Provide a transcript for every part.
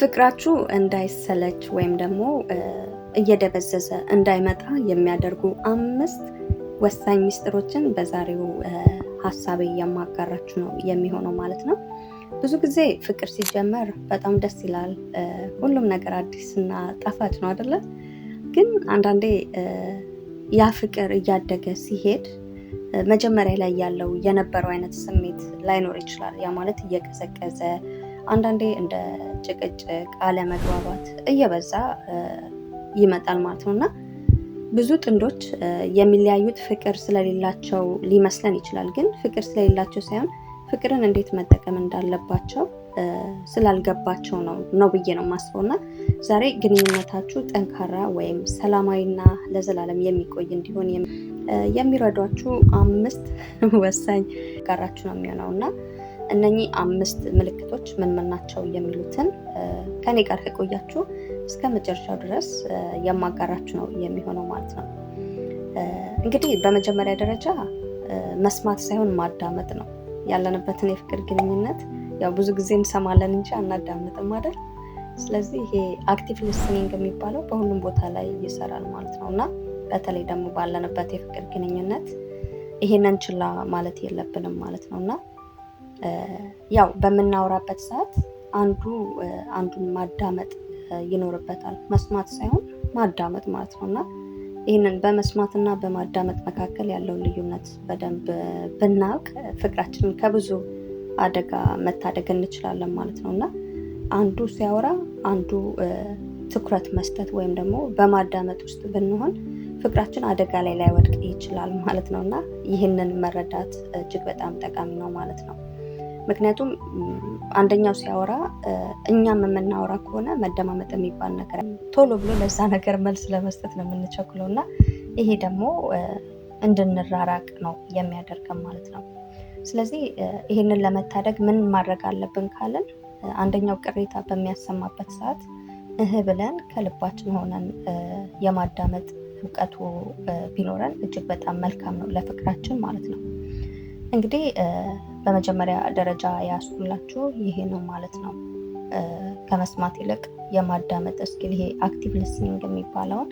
ፍቅራችሁ እንዳይሰለች ወይም ደግሞ እየደበዘዘ እንዳይመጣ የሚያደርጉ አምስት ወሳኝ ሚስጥሮችን በዛሬው ሀሳቤ የማጋራችሁ ነው የሚሆነው ማለት ነው። ብዙ ጊዜ ፍቅር ሲጀመር በጣም ደስ ይላል። ሁሉም ነገር አዲስና ጣፋጭ ነው አይደለ? ግን አንዳንዴ ያ ፍቅር እያደገ ሲሄድ መጀመሪያ ላይ ያለው የነበረው አይነት ስሜት ላይኖር ይችላል። ያ ማለት እየቀዘቀዘ አንዳንዴ እንደ ጭቅጭቅ፣ አለመግባባት እየበዛ ይመጣል ማለት ነው እና ብዙ ጥንዶች የሚለያዩት ፍቅር ስለሌላቸው ሊመስለን ይችላል። ግን ፍቅር ስለሌላቸው ሳይሆን ፍቅርን እንዴት መጠቀም እንዳለባቸው ስላልገባቸው ነው ነው ብዬ ነው የማስበው እና ዛሬ ግንኙነታችሁ ጠንካራ ወይም ሰላማዊና ለዘላለም የሚቆይ እንዲሆን የሚረዷችሁ አምስት ወሳኝ ጋራችሁ ነው የሚሆነው እና እነኚህ አምስት ምልክቶች ምን ምን ናቸው የሚሉትን ከኔ ጋር ከቆያችሁ እስከ መጨረሻው ድረስ የማጋራችሁ ነው የሚሆነው ማለት ነው። እንግዲህ በመጀመሪያ ደረጃ መስማት ሳይሆን ማዳመጥ ነው። ያለንበትን የፍቅር ግንኙነት ያው ብዙ ጊዜ እንሰማለን እንጂ አናዳምጥም አይደል? ስለዚህ ይሄ አክቲቭ ሊስኒንግ የሚባለው በሁሉም ቦታ ላይ ይሰራል ማለት ነው እና በተለይ ደግሞ ባለንበት የፍቅር ግንኙነት ይሄንን ችላ ማለት የለብንም ማለት ነው እና ያው በምናወራበት ሰዓት አንዱ አንዱን ማዳመጥ ይኖርበታል። መስማት ሳይሆን ማዳመጥ ማለት ነው እና ይህንን በመስማትና በማዳመጥ መካከል ያለውን ልዩነት በደንብ ብናውቅ ፍቅራችንን ከብዙ አደጋ መታደግ እንችላለን ማለት ነው እና አንዱ ሲያወራ አንዱ ትኩረት መስጠት ወይም ደግሞ በማዳመጥ ውስጥ ብንሆን ፍቅራችን አደጋ ላይ ላይወድቅ ይችላል ማለት ነው እና ይህንን መረዳት እጅግ በጣም ጠቃሚ ነው ማለት ነው። ምክንያቱም አንደኛው ሲያወራ እኛም የምናወራ ከሆነ መደማመጥ የሚባል ነገር ቶሎ ብሎ ለዛ ነገር መልስ ለመስጠት ነው የምንቸኩለው እና ይሄ ደግሞ እንድንራራቅ ነው የሚያደርገን ማለት ነው። ስለዚህ ይህንን ለመታደግ ምን ማድረግ አለብን ካልን አንደኛው ቅሬታ በሚያሰማበት ሰዓት እህ ብለን ከልባችን ሆነን የማዳመጥ እውቀቱ ቢኖረን እጅግ በጣም መልካም ነው ለፍቅራችን ማለት ነው። እንግዲህ በመጀመሪያ ደረጃ ያስኩላችሁ ይሄ ነው ማለት ነው። ከመስማት ይልቅ የማዳመጥ ስኪል ይሄ አክቲቭ ሊስኒንግ የሚባለውን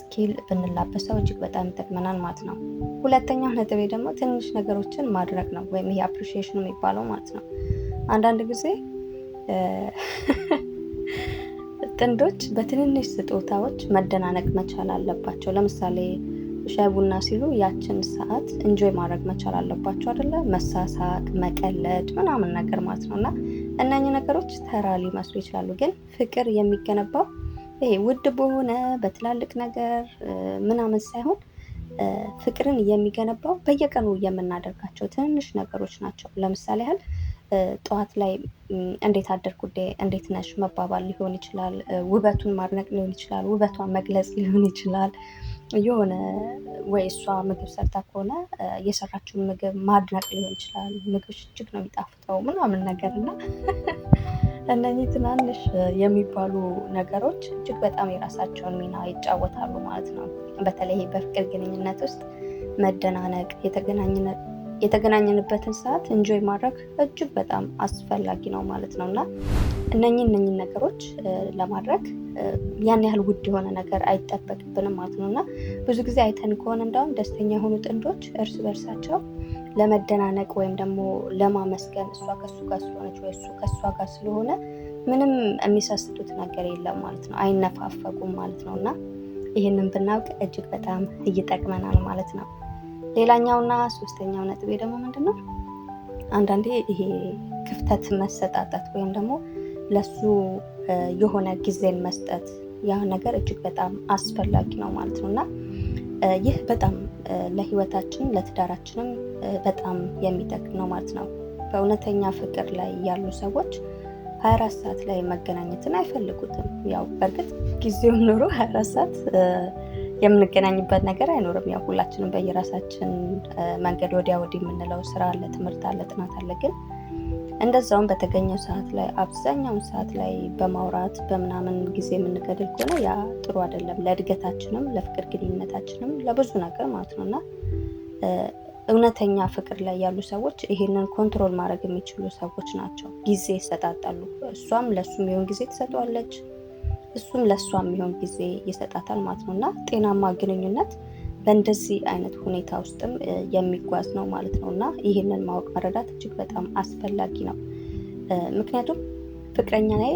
ስኪል ብንላበሰው እጅግ በጣም ይጠቅመናል ማለት ነው። ሁለተኛው ነጥቤ ደግሞ ትንሽ ነገሮችን ማድረግ ነው፣ ወይም ይሄ አፕሪሺዬሽን የሚባለው ማለት ነው። አንዳንድ ጊዜ ጥንዶች በትንንሽ ስጦታዎች መደናነቅ መቻል አለባቸው። ለምሳሌ ሻይ ቡና ሲሉ ያችን ሰዓት እንጆይ ማድረግ መቻል አለባቸው አደለ? መሳሳቅ፣ መቀለድ ምናምን ነገር ማለት ነው። እና እነኚህ ነገሮች ተራ ሊመስሉ ይችላሉ፣ ግን ፍቅር የሚገነባው ይሄ ውድ በሆነ በትላልቅ ነገር ምናምን ሳይሆን ፍቅርን የሚገነባው በየቀኑ የምናደርጋቸው ትንንሽ ነገሮች ናቸው። ለምሳሌ ያህል ጠዋት ላይ እንዴት አደር ጉዳይ እንዴት ነሽ መባባል ሊሆን ይችላል። ውበቱን ማድነቅ ሊሆን ይችላል። ውበቷን መግለጽ ሊሆን ይችላል። የሆነ ወይ እሷ ምግብ ሰርታ ከሆነ የሰራችውን ምግብ ማድነቅ ሊሆን ይችላል። ምግብ እጅግ ነው የሚጣፍጠው ምናምን ነገር እና እነኚህ ትናንሽ የሚባሉ ነገሮች እጅግ በጣም የራሳቸውን ሚና ይጫወታሉ ማለት ነው። በተለይ በፍቅር ግንኙነት ውስጥ መደናነቅ፣ የተገናኘንበትን ሰዓት እንጆይ ማድረግ እጅግ በጣም አስፈላጊ ነው ማለት ነው እና እነኝን እነኝን ነገሮች ለማድረግ ያን ያህል ውድ የሆነ ነገር አይጠበቅብንም ማለት ነው እና ብዙ ጊዜ አይተን ከሆነ እንደውም ደስተኛ የሆኑ ጥንዶች እርስ በርሳቸው ለመደናነቅ ወይም ደግሞ ለማመስገን እሷ ከሱ ጋር ስለሆነች ወይ እሱ ከእሷ ጋር ስለሆነ ምንም የሚሳስቱት ነገር የለም ማለት ነው። አይነፋፈጉም ማለት ነው እና ይህንን ብናውቅ እጅግ በጣም ይጠቅመናል ማለት ነው። ሌላኛውና ሶስተኛው ነጥቤ ደግሞ ምንድን ነው? አንዳንዴ ይሄ ክፍተት መሰጣጣት ወይም ደግሞ ለሱ የሆነ ጊዜን መስጠት ያ ነገር እጅግ በጣም አስፈላጊ ነው ማለት ነው እና ይህ በጣም ለህይወታችን ለትዳራችንም በጣም የሚጠቅም ነው ማለት ነው። በእውነተኛ ፍቅር ላይ ያሉ ሰዎች ሀያ ሰዓት ላይ መገናኘትን አይፈልጉትም። ያው በእርግጥ ጊዜውን ኖሮ ሀያ ሰዓት የምንገናኝበት ነገር አይኖርም። ያው ሁላችንም በየራሳችን መንገድ ወዲያ ወዲህ የምንለው ስራ አለ፣ ትምህርት አለ፣ ጥናት አለ ግን እንደዛውም በተገኘው ሰዓት ላይ አብዛኛውን ሰዓት ላይ በማውራት በምናምን ጊዜ የምንገድል ከሆነ ያ ጥሩ አይደለም፣ ለእድገታችንም፣ ለፍቅር ግንኙነታችንም፣ ለብዙ ነገር ማለት ነው እና እውነተኛ ፍቅር ላይ ያሉ ሰዎች ይሄንን ኮንትሮል ማድረግ የሚችሉ ሰዎች ናቸው። ጊዜ ይሰጣጣሉ። እሷም ለእሱም የሚሆን ጊዜ ትሰጠዋለች፣ እሱም ለእሷም የሚሆን ጊዜ ይሰጣታል ማለት ነው እና ጤናማ ግንኙነት በእንደዚህ አይነት ሁኔታ ውስጥም የሚጓዝ ነው ማለት ነው እና ይህንን ማወቅ መረዳት እጅግ በጣም አስፈላጊ ነው። ምክንያቱም ፍቅረኛ ላይ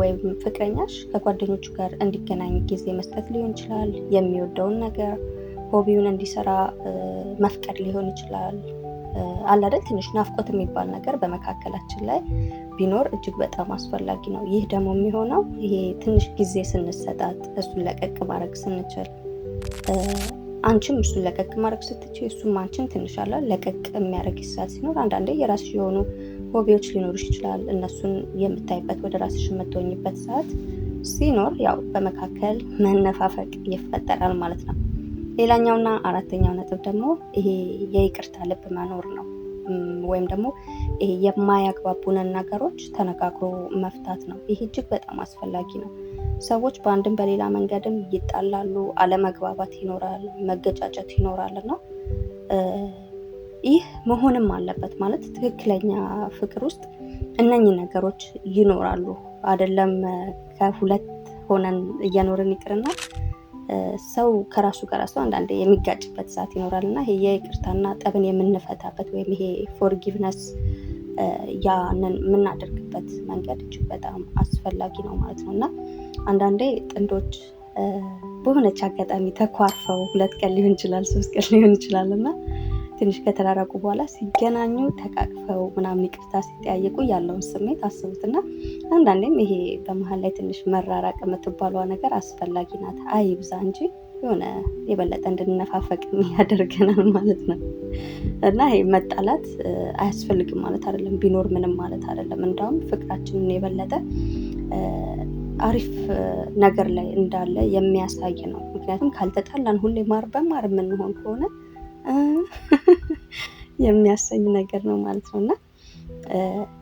ወይም ፍቅረኛሽ ከጓደኞቹ ጋር እንዲገናኝ ጊዜ መስጠት ሊሆን ይችላል። የሚወደውን ነገር ሆቢውን እንዲሰራ መፍቀድ ሊሆን ይችላል። አላደል ትንሽ ናፍቆት የሚባል ነገር በመካከላችን ላይ ቢኖር እጅግ በጣም አስፈላጊ ነው። ይህ ደግሞ የሚሆነው ይሄ ትንሽ ጊዜ ስንሰጣት እሱን ለቀቅ ማድረግ ስንችል አንቺም እሱን ለቀቅ ማድረግ ስትች እሱም አንቺን ትንሽ አለ ለቀቅ የሚያደረግ ይሳት ሲኖር አንዳንዴ የራስሽ የሆኑ ሆቢዎች ሊኖርሽ ይችላል። እነሱን የምታይበት ወደ ራስሽ የምትወኝበት ሰዓት ሲኖር ያው በመካከል መነፋፈቅ ይፈጠራል ማለት ነው። ሌላኛውና አራተኛው ነጥብ ደግሞ ይሄ የይቅርታ ልብ መኖር ነው። ወይም ደግሞ ይሄ የማያግባቡንን ነገሮች ተነጋግሮ መፍታት ነው። ይሄ እጅግ በጣም አስፈላጊ ነው። ሰዎች በአንድም በሌላ መንገድም ይጣላሉ፣ አለመግባባት ይኖራል፣ መገጫጨት ይኖራል እና ይህ መሆንም አለበት ማለት ትክክለኛ ፍቅር ውስጥ እነኚህ ነገሮች ይኖራሉ። አይደለም ከሁለት ሆነን እየኖርን ይቅርና ሰው ከራሱ ጋር ሰው አንዳንድ የሚጋጭበት ሰዓት ይኖራል እና ይሄ ይቅርታና ጠብን የምንፈታበት ወይም ይሄ ፎርጊቭነስ ያንን የምናደርግበት መንገድ እጅግ በጣም አስፈላጊ ነው ማለት ነው እና አንዳንዴ ጥንዶች በሆነች አጋጣሚ ተኳርፈው ሁለት ቀን ሊሆን ይችላል፣ ሶስት ቀን ሊሆን ይችላል እና ትንሽ ከተራረቁ በኋላ ሲገናኙ ተቃቅፈው ምናምን ይቅርታ ሲጠያየቁ ያለውን ስሜት እና አንዳንዴም ይሄ በመሀል ላይ ትንሽ መራራቅ የምትባሏ ነገር አስፈላጊ ናት። አይብዛ እንጂ የሆነ የበለጠ እንድንነፋፈቅ ያደርገናል ማለት ነው እና ይሄ መጣላት አያስፈልግም ማለት አይደለም፣ ቢኖር ምንም ማለት አይደለም። እንዳውም ፍቅራችንን የበለጠ አሪፍ ነገር ላይ እንዳለ የሚያሳይ ነው። ምክንያቱም ካልተጣላን ሁሌ ማር በማር የምንሆን ከሆነ የሚያሰኝ ነገር ነው ማለት ነው እና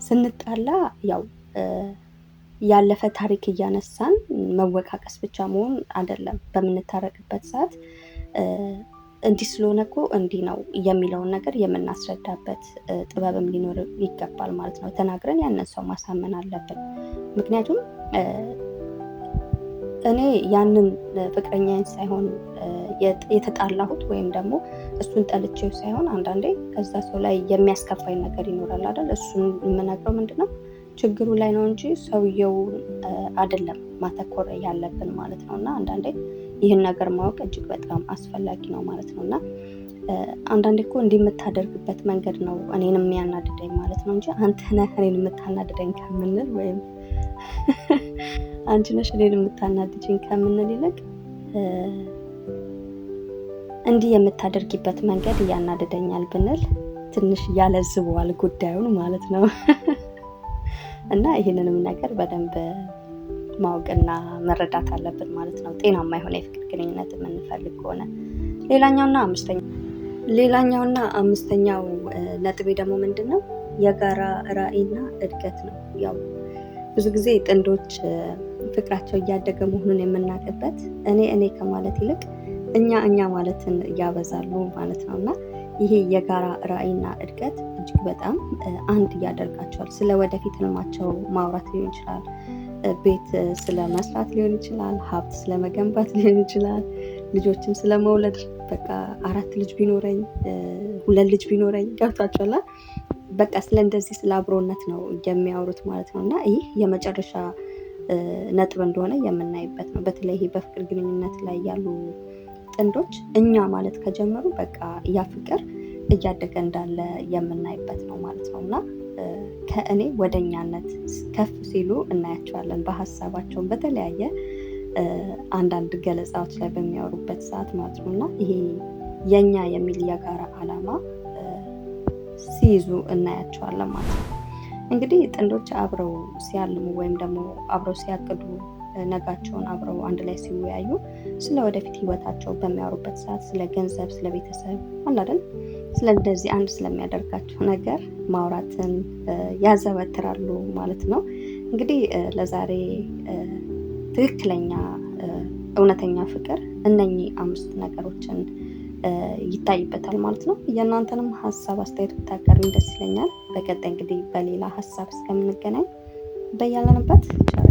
ስንጣላ ያው ያለፈ ታሪክ እያነሳን መወቃቀስ ብቻ መሆን አይደለም። በምንታረቅበት ሰዓት እንዲህ ስለሆነ እኮ እንዲህ ነው የሚለውን ነገር የምናስረዳበት ጥበብም ሊኖር ይገባል ማለት ነው። ተናግረን ያንን ሰው ማሳመን አለብን። ምክንያቱም እኔ ያንን ፍቅረኛዬን ሳይሆን የተጣላሁት ወይም ደግሞ እሱን ጠልቼው ሳይሆን አንዳንዴ ከዛ ሰው ላይ የሚያስከፋኝ ነገር ይኖራል አይደል? እሱን የምነግረው ምንድነው ችግሩ ላይ ነው እንጂ ሰውየው አይደለም ማተኮር ያለብን ማለት ነው። እና አንዳንዴ ይህን ነገር ማወቅ እጅግ በጣም አስፈላጊ ነው ማለት ነው። እና አንዳንዴ እኮ እንዲህ የምታደርግበት መንገድ ነው እኔን የሚያናድደኝ ማለት ነው እንጂ አንተ ነህ እኔን የምታናድደኝ ከምንል ወይም አንቺ ነሽ እኔን የምታናድጅኝ ከምንል ይልቅ እንዲህ የምታደርጊበት መንገድ እያናደደኛል ብንል ትንሽ ያለዝበዋል ጉዳዩን ማለት ነው። እና ይህንንም ነገር በደንብ ማወቅና መረዳት አለብን ማለት ነው፣ ጤናማ የሆነ የፍቅር ግንኙነት የምንፈልግ ከሆነ። ሌላኛውና አምስተኛው ሌላኛውና አምስተኛው ነጥቤ ደግሞ ምንድን ነው? የጋራ ራዕይና እድገት ነው ያው ብዙ ጊዜ ጥንዶች ፍቅራቸው እያደገ መሆኑን የምናውቅበት እኔ እኔ ከማለት ይልቅ እኛ እኛ ማለትን እያበዛሉ ማለት ነው እና ይሄ የጋራ ራዕይና እድገት እጅግ በጣም አንድ እያደርጋቸዋል። ስለ ወደፊት ህልማቸው ማውራት ሊሆን ይችላል፣ ቤት ስለ መስራት ሊሆን ይችላል፣ ሀብት ስለ መገንባት ሊሆን ይችላል፣ ልጆችም ስለ መውለድ በቃ አራት ልጅ ቢኖረኝ ሁለት ልጅ ቢኖረኝ ገብቷቸዋል። በቃ ስለ እንደዚህ ስለ አብሮነት ነው የሚያወሩት ማለት ነው። እና ይህ የመጨረሻ ነጥብ እንደሆነ የምናይበት ነው። በተለይ በፍቅር ግንኙነት ላይ ያሉ ጥንዶች እኛ ማለት ከጀመሩ በቃ ያ ፍቅር እያደገ እንዳለ የምናይበት ነው ማለት ነው እና ከእኔ ወደ እኛነት ከፍ ሲሉ እናያቸዋለን። በሀሳባቸውን በተለያየ አንዳንድ ገለጻዎች ላይ በሚያወሩበት ሰዓት ማለት ነው እና ይሄ የእኛ የሚል የጋራ ዓላማ ሲይዙ እናያቸዋለን ማለት ነው። እንግዲህ ጥንዶች አብረው ሲያልሙ ወይም ደግሞ አብረው ሲያቅዱ ነጋቸውን አብረው አንድ ላይ ሲወያዩ ስለ ወደፊት ህይወታቸው በሚያወሩበት ሰዓት ስለ ገንዘብ፣ ስለ ቤተሰብ አላደል ስለ እንደዚህ አንድ ስለሚያደርጋቸው ነገር ማውራትን ያዘወትራሉ ማለት ነው። እንግዲህ ለዛሬ ትክክለኛ እውነተኛ ፍቅር እነኚህ አምስት ነገሮችን ይታይበታል ማለት ነው። የእናንተንም ሀሳብ አስተያየት ብታቀርም ደስ ይለኛል። በቀጣይ እንግዲህ በሌላ ሀሳብ እስከምንገናኝ በያለንበት ቻ